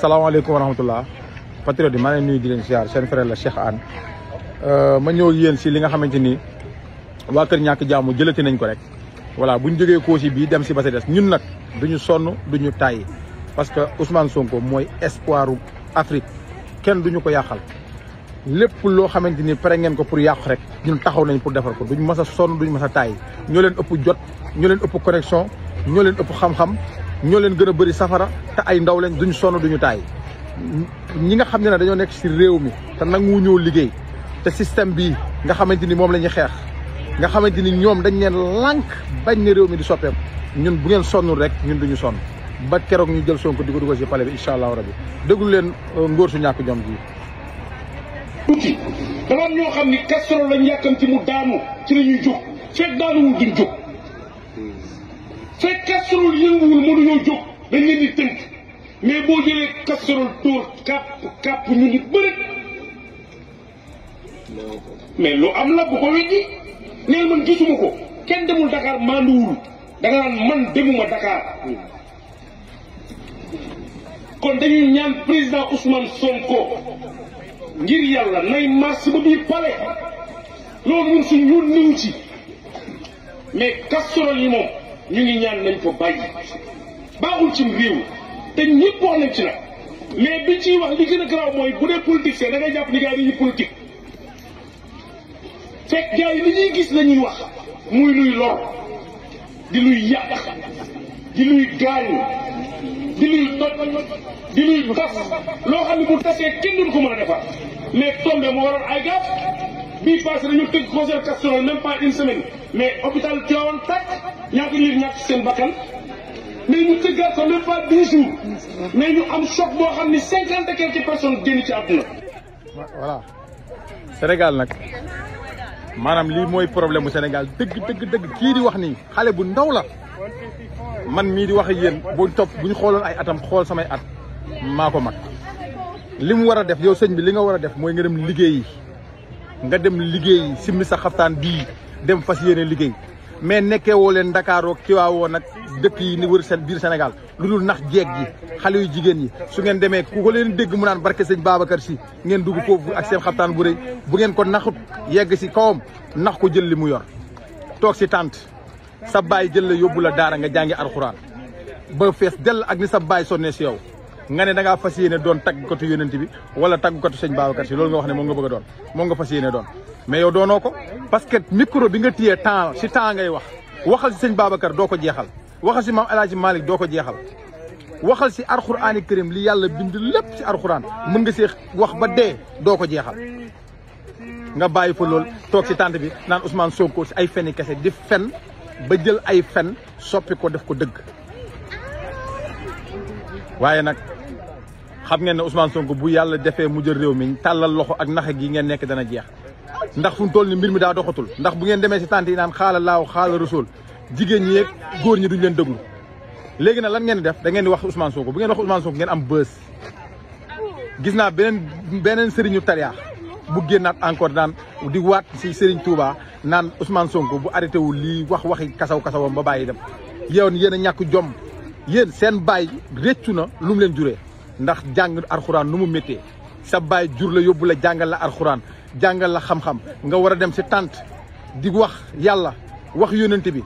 Assalamualaikum warahmatullah rahmatullah patriote yi ini leen di leen ziar seen frère la Cheikh Anne euh, ma ñëw yéen si li nga xamante ni waa kër jaamu jëlati nañ ko rek voilà bu ñu dem si ba des ñun nag duñu sonn duñu tàyyi parce que Ousmane Sonko mooy espoiru Afrique ken duñu ko yàqal lépp loo kami ni pare ngeen ko pour yakhrek rek ñun taxaw nañ pour defar ko duñ mës a sonn duñ mës a jot ñoo leen ëpp connexion ñoo leen ñoo leen gëna bëri safara te ay ndaw leen duñ sonu duñu tay ñi nga xam na dañoo nekk ci réew mi te nangu ñoo liggéey te système bi nga xamanteni mom lañu la nga xamanteni ni ñoom dañ leen lank bañ ne réew mi di soppé ñun bu ngeen sonu rek ñun duñu son ba kérok ñu jël sonku di ko ci si palais bi inshallah rabbi rabi leen euh, ngor su ñàkk jom tuti tuuti danaam ñoo xamni ni kastro lañ yàkkam ci mu daanu ci la ñuy ci daanu daanuwul duñ jóg fekk casserole yënguwul mënuñoo jóg dañ leen di tënk mais boo jëlee casserole dóor kàpp kàpp ñu ni bëri mais lu am la bu ko weddi neel man gisuma ko kenn demul Dakar maanduwul da nga naan man demuma Dakar kon dañuy ñaan président Ousmane Sonko ngir yàlla nay mars ba biir palais loolu ñun suñ yoon niw ci mais casserole yi moom ñu ngi ñaan nañ ko bàyyi baaxul ci réew te ñëpp wax nañ ci nag mais bi ciy wax li gën a garaaw mooy bu dee politique c'est da jàpp ni gars yi dañuy politique fekk yi li ñuy gis lañuy wax muy luy lor di luy yàq di luy gaañu di luy toj di luy tas loo xam ne bu tasee kenn du ko mën a defar mais tombé moo waral ay gaaf bii passé dañu tëgg concert casserole même mais hôpital Tivaouane tàkk ñaata nit ñàkk seen bakkan mais ñu tëggaat ko même pas dix jours mais ñu am choc boo xam ni cinquante et quelques génn ci àdduna. voilà Sénégal nag maanaam lii mooy problème mu Sénégal dëgg dëgg dëgg kii di wax nii xale bu ndaw la man mii di wax ak yéen buñ topp buñ xooloon ay atam xool samay at maa ko mag li mu war a def yow sëñ bi li nga war a def mooy nga dem liggéey nga dem liggéey simmi sa xaftaan bii dem fas yéene liggéey mais nekkewoo leen Ndakaaroo Tiwaawoo nag dëkk yi ni wër seen biir Sénégal lu dul nax jeeg ji xale yu jigéen ñi su ngeen demee ku ko leen dégg mu naan barke sëñ Babacar si ngeen dugg foofu ak seen xaftaan bu rëy bu ngeen ko naxut yegg si kawam nax ko jël li mu yor toog si tànt sa baay jël la yóbbu la daara nga jàngi alxuraan ba fees dell ak ni sa baay sonnee si yow nga ne da fasiyene don tag ko to yonenti bi wala to seigne babakar Si lolou nga wax ne mo nga bëgg don mo nga fasiyene don mais yow donoko parce que micro bi nga téyee temps ci temps ngay wax waxal ci seigne babakar doo ko waxal ci mam El malik Malick ko waxal ci alquran kërim li yalla bind lepp ci alquran mën nga see wax ba dee doo ko nga bayyi fa lol tok ci tante bi nan Ousmane Sonko ci ay fenni kesse di fen ba jël ay fen soppi ko def ko deug waye nak xam ngeen ne Ousmane Sonko bu yàlla defee mu jël réew mi tàllal loxo ak nax gi ngeen nekk dana jeex ndax fu mu toll ni mbir mi daa doxatul ndax bu ngeen demee si tànt yi naan xaala laaw xaala rasul jigéen ñi yeeg góor ñi duñ leen déglu léegi nag lan ngeen def da ngeen di wax Ousmane Sonko bu ngeen wax Ousmane Sonko ngeen am bës gis naa beneen beneen sëriñu tariyaax bu génnaat encore naan di waat si Serigne Touba naan Ousmane Sonko bu arrêté wu lii wax waxi kasaw kasawam ba bàyyi dem yow yéen a ñàkk jom yéen seen bàyyi réccu na lu mu leen juree ndax jàng arxuraan nu mu méttee sa baay jur la yóbbu la jàngal la arxuraan jàngal la xam-xam nga war a dem si tànt di wax yàlla wax yónnent bi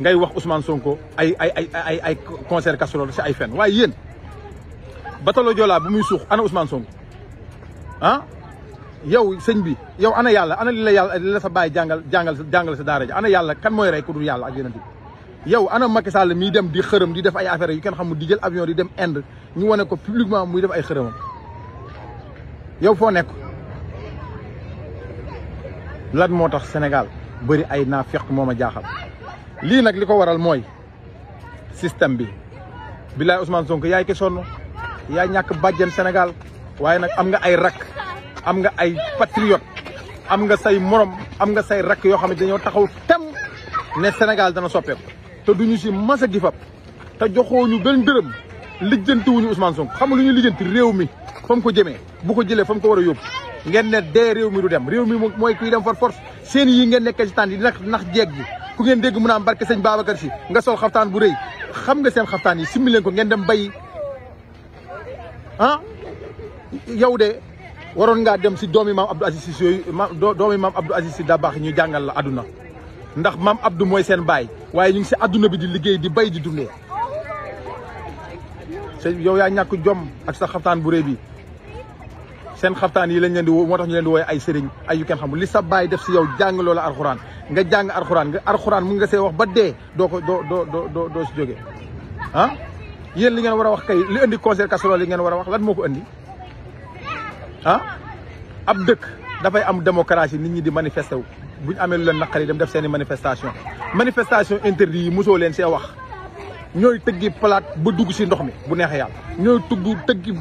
ngay wax Ousmane Sonko ay ay ay ay ay concert casserole si ay fen waaye yéen batalo Joola bu muy suux ana Ousmane Sonko ah yow sëñ bi yow ana yàlla ana li la yàlla li la sa baay jàngal jàngal jàngal sa daara ja ana yàlla kan mooy rey ku dul yàlla ak yónnent yow ana Macky Sall miy dem di xërëm di def ay affaire yu kenn xamul di jël avion di dem Inde ñu wane ko publiquement muy def ay xërëmam yow foo nekk lan moo tax Sénégal bëri ay naafeq moom a jaaxal lii nag li ko waral mooy système bi bilaay Ousmane Sonko yaay ki yaay ñàkk bàjjen Sénégal waaye nag am nga ay rak am nga ay patriote am nga say morom am nga say rak yoo xam ne dañoo taxaw tem ne Sénégal dana soppeeku. te duñu ci masa gi fab te joxooñu benn deureum lijjanti wuñu Ousmane Sonko xam nga ñu lijeenti rew mi fam ko jëmee bu ko jëlee fam ko wara yob ngeen ne dee rew mi du dem rew mi moy kuy dem for force seen yi ngeen nekk ci tandi nak nak ndax gi ku ngeen dégg mu am barke sëñ Babacar si nga sol xaftaan bu rëy xam nga seen xaftaan yi simi leen ko ngeen dem bay ah yow de waron nga dem si domi mam Abdou Aziz si domi mam Abdou Aziz si daa baax ñu jangal la aduna ndax mam Abdou moy sen bay waye ñu ci aduna bi di liggey di bay di dundé sey yow ya ñak jom ak sa xaftaan bu reebi sen xaftaan yi lañ leen di wo motax ñu leen di woy ay serigne ay yu kenn xam li sa bay def ci yow jang loola alcorane nga jang alcorane nga alcorane mu nga sey wax ba dé do ko do do do do ci joggé han ah? yeen li ngeen wara wax kay li andi concert casserole li ngeen wara wax lan moko andi han ah? ab ab da fay am démocratie nit ñi di manifester wu buñ amé lu leen nakari dem def seen manifestation manifestation interdit yi mosoo leen see wax ñoy teggi plate ba dugg ci ndox mi bu neex yaal ñoy tuddu teggi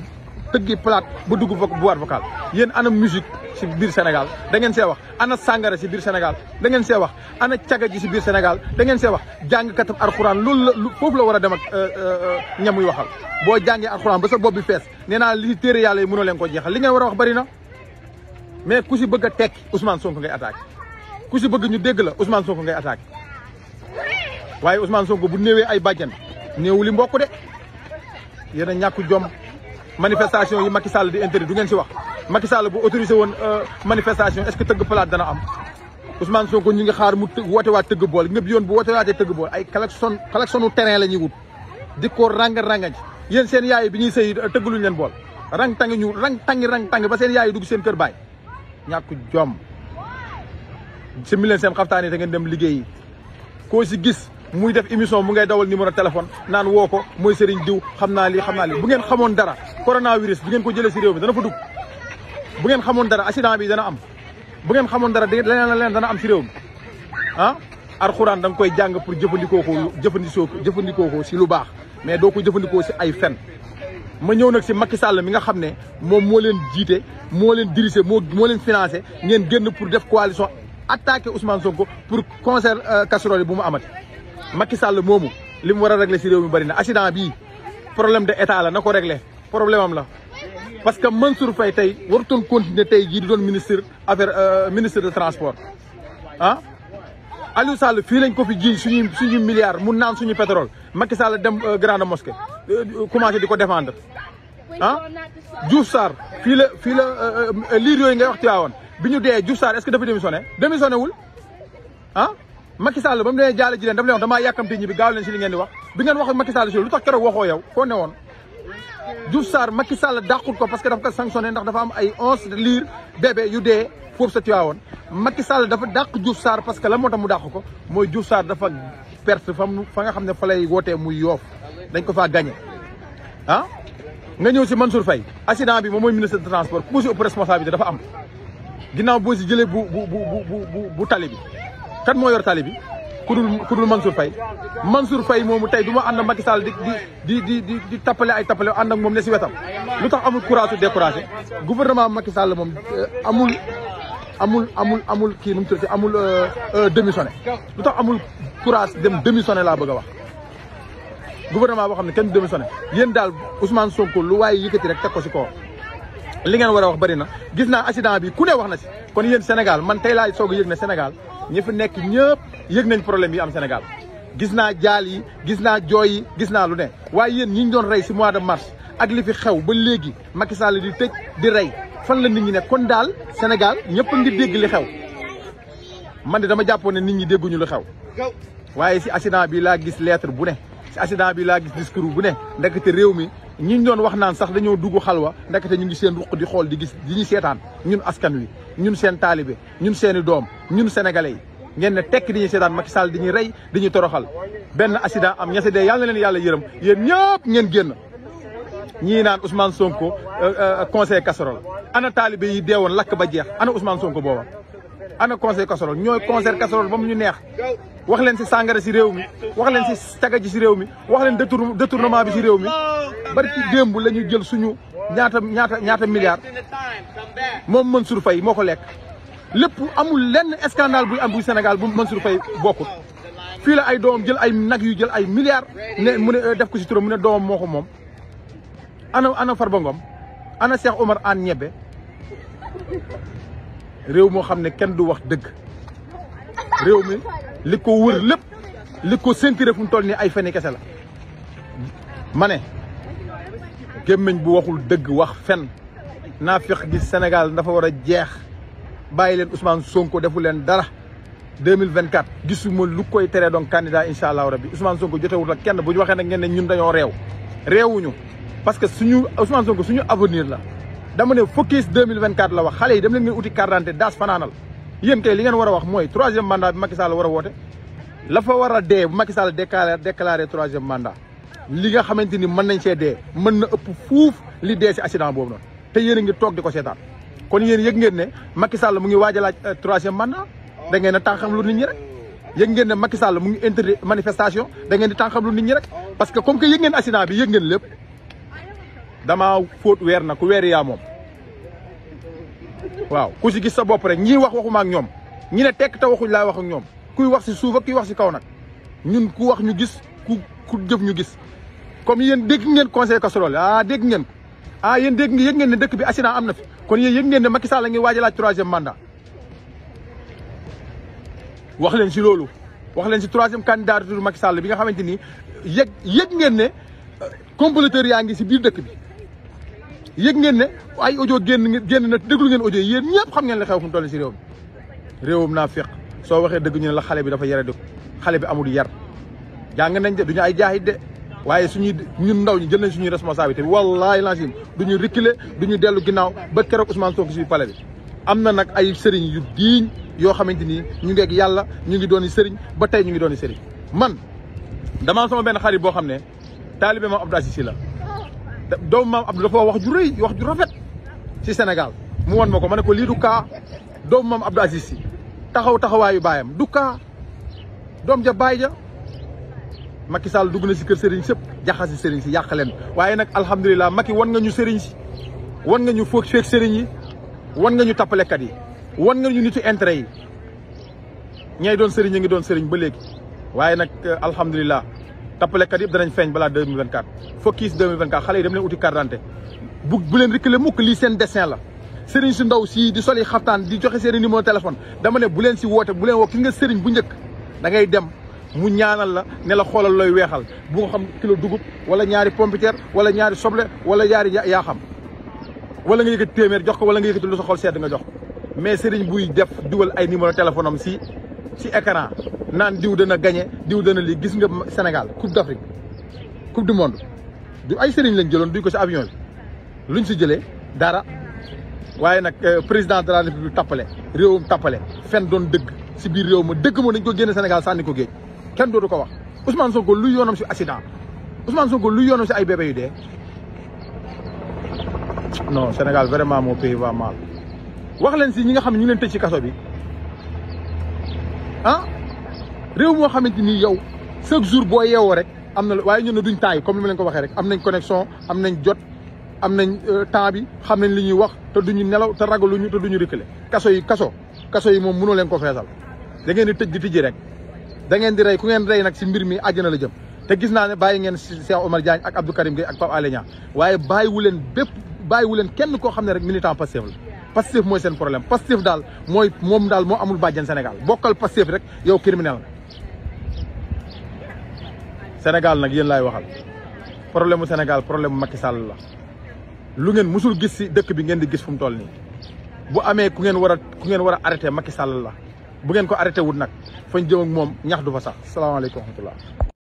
teggi plate ba dugg fa boîte vocale yeen ana musique si bir senegal da ngeen ci wax ana sangara si bir senegal da ngeen ci wax ana tiaga ci si senegal da ngeen ci wax jàngkatam alxuraan loolu la fofu la wara dem ak euh, euh, ñamuy waxal bo jangé alquran ba sa bobu fess neena li téré yalla yi mëno leen ko jéxal li ngeen wara wax bari na mais ku ci bëgg tek Ousmane Sonko ngay attaque ku ci bëgg ñu dégg la Ousmane Sonko ngay attaquer waye Ousmane Sonko bu néewee ay badjan néewu mbokk dé yéna a jom manifestation yi Macky Sall di interdit du ngeen ci wax Macky Sall bu autoriser won euh, manifestation est-ce que teug palaat dana am Ousmane Sonko ñu ngi xaar mu woté waat teug bol ngeb yoon bu woté waatee teug bol ay klaxon klaxonu terrain la ñuy wut di ko rang ranga yeen seen yaay bi ñuy teug luñu len bol rang tangi ñu rang tangi rang tangi ba seen yaay dug seen kër bay ñàkk jom simmi leen seen xaftaan yi ngeen dem liggéeyi koo si gis muy def émission mu ngay dawal numéro téléphone naan woo ko mooy Serigne diw xam naa lii xam naa lii bu ngeen xamoon dara coronavirus bi ngeen ko jële si réew mi dana fa dugg bu ngeen xamoon dara accident bi dana am bu ngeen xamoon dara leneen la leneen dana am si réew mi ah alxuraan da nga koy jàng pour jëfandikoo ko jëfandikoo ko jëfandikoo ko si lu baax mais doo ko jëfandikoo si ay fen ma ñëw nag si Macky Sall mi nga xam ne moom moo leen jiite moo leen dirigé moo moo leen financé ngeen pour def coalition attaqué Ousmane Sonko pour concert euh, casserole bu mu amati Macky Sall moomu li mu war a réglé si réew mi bëri na accident bii problème de état la na ko réglé problème am la. parce que Mansour Faye tey warutoon continuer tey jii di doon ministre affaire euh, ministre de transport ah Aliou Sall fii lañ ko fi ji suñuy suñuy milliards mu naan suñu pétrole Macky Sall dem euh, grande mosquée commencé di ko défendre ah Diouf Sarr fii la fii la liir yooyu nga wax ci waawoon bi ñu dee Diouf Sarr est-ce que dafa démissionné démissionné wul ah Macky Sall ba mu nee jaale ji leen dama leen wax damaa yàkkamti ñi bi gaaw leen si li ngeen di wax bi ngeen wax ak Macky Sall si lu tax keroog waxoo yow foo ne woon Diouf Sarr Macky Sall dàqul ko parce que dafa ko sanctionné ndax dafa am ay onze liir bébé yu dee foofu sa Tivaouane Macky Sall dafa dàq Diouf saar parce que la moo tax mu dàq ko mooy Diouf Sarr dafa perte fa mu fa nga xam ne fa lay wootee muy yoof dañ ko faa gagné ah nga ñëw si Mansour ginnaaw boo si jëlee bu bu bu bu bu tali bi kan moo yor tali bi ku dul ku dul Mansour Faye Mansour Faye moomu tey du ma ànd ak Macky Sall di di di di tappale ay tappale ànd ak moom ne si wetam lu tax amul courage découragé gouvernement Macky Sall moom euh, amul amul amul amul kii nu mu tuddati amul euh, euh, démissionné lu tax amul courage dem démissionné la bëgg a wax gouvernement boo xam ne kenn démissionné yéen daal Ousmane Sonko lu waaye yëkkati rek teg si kaw li ngeen war a wax bëri na gis naa accident bi ku ne wax na si kon yéen Sénégal man tey laay soog a yëg ne Sénégal ñi fi nekk ñëpp yëg nañ problème yi am Sénégal gis naa jaal yi gis naa jooy yi gis naa lu ne waaye yéen ñi ñu doon rey si mois de mars ak li fi xew ba léegi Macky Sall di tëj di rey fan la nit ñi ne kon daal Sénégal ñëpp ngi dégg li xew man de dama jàppoon ne nit ñi dégguñu lu xew waaye si accident bi laa gis lettre bu ne si accident bi laa gis discours bu ne ndekete réew mi ñi ñu doon wax naan sax dañoo dugg xal wa ndekete ñu ngi seen ruq di xool di gis di ñu seetaan ñun askan wi ñun seen taalibe ñun seen i doom ñun sénégalais yi ngeen ne tekk di ñuy seetaan Macky di ñuy rey di ñuy toroxal benn accident am ñese dee yàlla na leen yàlla yërëm yéen ñëpp ñeen génn ñii naan Ousmane Sonko euh, euh, euh, conseil casserole ana taalibe yi deewoon lakk ba jeex ana Ousmane Sonko booba ana conseil casserole ñooy conseil casserole ba mu ñu neex wax leen si sàngara si réew mi wax leen si caga ji si réew mi wax leen détour détournement bi si réew mi bari ci démb la ñu jël suñu ñaata ñaata ñaata milliards moom Mansour Faye moo ko lekk. lépp amul lenn scandale buy am bu Sénégal bu Mansour Faye bokkut fii la ay doom jël ay nag yu jël ay milliards ne mu ne def ko si turam mu ne doomam moo ko moom. ana ana Farba ana Cheikh Omar Anne Ñebbe réew moo xam ne kenn du wax dëgg réew mi. liko wër lepp liko sentiré fu tolni ay fene kessela mané ma bu waxul deug wax fen nafiq di Sénégal dafa wara jeex bàyyi leen Ousmane Sonko defu len dara 2024 gisuma lu koy téré donc candidat inshallah allahu rabbi Ousmane Sonko jotewul ak kenn bu ñu waxee nag ñun dañoo réew réewuñu parce que suñu Ousmane Sonko suñu avenir la dama né focus 2024 la wax xalé yi dem leen ngeen uti carte d'identité daas yéen kay li ngeen wara wax moy 3e mandat bi Macky Sall wara wote la fa wara dé bu Macky Sall déclarer déclarer 3e mandat li nga xamanteni ni mën nañ ci dé mën na ëpp fouf li dé ci accident bobu non té yeen nga tok diko sétat kon yeen yeg ngeen né Macky Sall mu ngi waaj a laaj euh, troisième mandat da ngeen na tànqam lu nit ñi rek yeg ngeen né Macky Sall mu ngi interdit manifestation da ngeen di tànqam lu nit ñi rek parce que comme que yeg ngeen accident bi yeg ngeen lepp dama faute weer na ku weer ya mom waaw ku si gis sa bopp rek ñii wax waxuma ak ñoom ñi ne tekk te waxuñ laa wax ak ñoom kuy wax si suuf ak kuy wax si kaw nag ñun ku wax ñu gis ku ku jëf ñu gis. comme yéen dégg ngeen conseil casserole ah dégg ngeen ko ah yéen dégg yëg ngeen ne dëkk bi accident am na fi kon yéen yëg ngeen ne Macky Sall la ngi waaj a laaj wax leen si loolu wax leen si troisième candidature Macky sàll bi nga xamante ni yëg yëg ngeen ne euh, comploteurs yaa ngi si biir dëkk bi. yëg ngeen ne ay audio génn génn na déglu ngeen audio yéen ñëpp xam ngeen la xew fu mu toll si réew mi réewum naa feq soo waxee dëgg ñu ne la xale bi dafa yare di xale bi amul yar jàng nañ de duñu ay jaahit de waaye suñuy ñun ndaw ñi jël nañ suñuy responsabilité bi wallaahi lancim duñu reculer duñu dellu ginnaaw ba keroog Ousmane Sonko si pale bi am na nag ay sëriñ yu diiñ yoo xamante ni ñu ngi yàlla ñu ngi doon sëriñ ba tey ñu ngi doon sëriñ man damaa sama benn xarit boo xam ne taalibe moom Abdou Aziz si la doomu maam Abdou dafa wax ju rëy wax ju rafet ci Sénégal mu won ma ko ma ne ko lii du kaa doomu maam Abdou Aziz si taxaw taxawaayu baayam du kaa doom ja baay ja Macky Sall dugg na si kër sëriñ sëpp jaxas jaxasi Serigne si yàq leen waaye nag alhamdulilah Macky wan nga ñu Serigne si wan nga ñu foog feeg Serigne yi wan nga ñu tappalekat yi wan nga ñu nitu intérêt yi ñay doon Serigne a ngi doon Serigne ba léegi waaye nag euh, alhamdulilah. kat yeb danañ feeñ balad 2024 focus 2024 xalé yi dem len outil carte d'identité bu bu leen reculer mukk li sen dessin la serigne su ndaw si di soli xaftaan di joxe sen numéro téléphone dama ne bu len si wote bu len wo ki nga serigne bu njëkk da ngay dem mu ñaanal la ne la xolal loy wéxal bu nga xam kilo dugub wala ñaari pompiteer wala ñaari soble wala ñaari ya xam wala nga yëkkati téeméer jox ko wala nga yëkkati lu sa xol sét nga jox mais serigne buy def duggal ay numéro téléphone am si si écran naan diw dana gagné diw na lii gis nga Sénégal coupe d' Afrique coupe du ay sëriñ lañ jëloon duñ ko si avion bi luñ si jëlee dara waaye nag euh, président de la république tappale réewum tappale fen doon dëgg si biir réew ma dëgg moo nañ ko génne Sénégal sànni ko géej kenn dootu ko wax Ousmane Sonko lu yoonam si accident Ousmane lu yoonam si ay bébé yu dee non Sénégal vraiment mon pays va mal wax leen si ñi nga xam ne ñu leen tëj si kaso bi réew moo xamante ni yow chaque jour boo yeewoo rek am na waaye ñun ne duñ taay comme ni ma leen ko waxee rek am nañ connexion am nañ jot am nañ euh, temps bi xam nañ li ñuy wax te duñu nelaw te ragaluñu te duñu rëkkale kaso yi kaso kaso yi moom mënoo leen ko feesal da ngeen di tëj di tijji rek da ngeen di rey ku ngeen rey nag si mbir mi àjjana la jëm te gis naa ne bàyyi ngeen Cheikh Omar Diagne ak Abdou Karim Gueye ak Pape Alé Niang waaye bàyyiwu leen bépp bàyyiwu leen kenn koo xam ne rek militant Pastef la Pastef mooy seen problème Pastef daal mooy moom daal moo amul bàjjen Sénégal bokkal Pastef rek yow criminel Sénégal nag yéen laay waxal problème mu Sénégal problème mu Macky Sall la lu ngeen mësul gis si dëkk bi ngeen di gis fu mu toll nii bu amee ku ngeen war a ku ngeen war a arrêté Macky Sall la bu ngeen ko arrêté wut nag fañ jëm moom ñax du fa sax salaamaaleykum wa rahmatullah